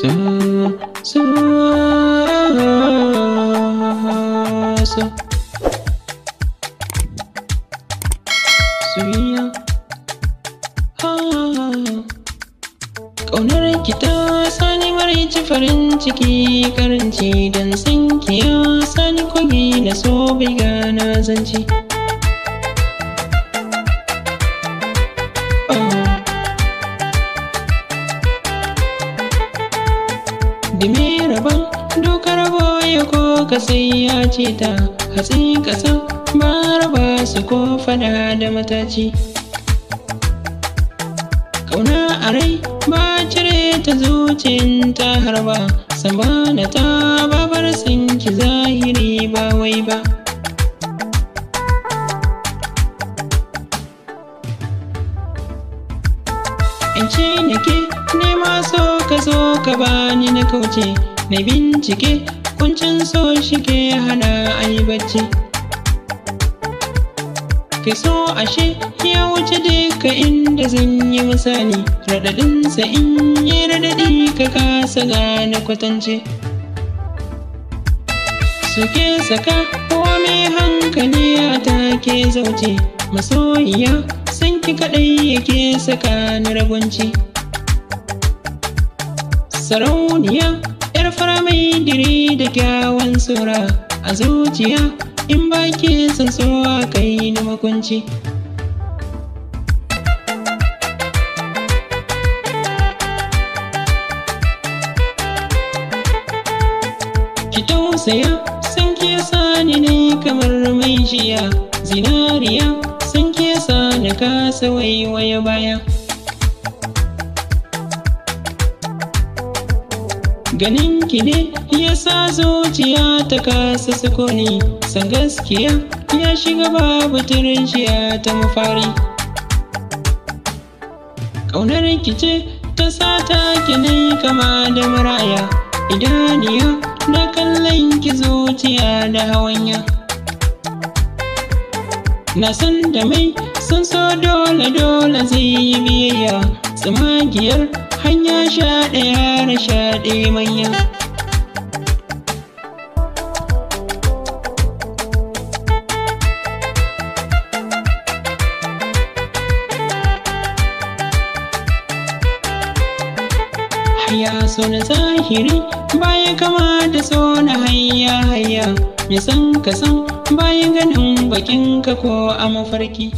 sa sa ƙaunar ki ta sani maraici farin ciki karanci don san ya sani kogi na so bai gana zanci da me rabon dokar boye ko kasai ya ce ta hatsi kasan ba raba su ko fada da mataci kauna a rai ba cire ta zuciyar ta harba sabana ta babar sinki zahiri ba wai ba ce nake nema so ka zo ka bani na kauce na bincike kuncin so ke hana a yi bacci Ke so ashe ya wuce duka inda zan yi misali raɗaɗinsa in yi raɗaɗi ka kasa gane kwatance suke saka kowa mai hankali a take zauce masoyiya san ki kaɗai yake saka ni ragunci. sarauniya yar fara mai diri da kyawun sura a zuciya in ba ke san so a kai ni makunci ki tausaya san ki sani ne kamar mai jiya zinariya sa na kasa waiwaya baya ganin ki ne ya sa zuciya ta kasa sukuni san gaskiya ya shiga babu turinciya ta mafari ƙaunar ki ce ta sata ki ne kama da maraya idaniya na kallon ki zuciya da hawanya na san da mai sun so dole dole zai yi biyayya tsamagiyar hanya sha ɗaya na sha ɗaya manya Haya so na zahiri baya kama da so na haya haya me san ka san bayan ganin bakin ka ko a mafarki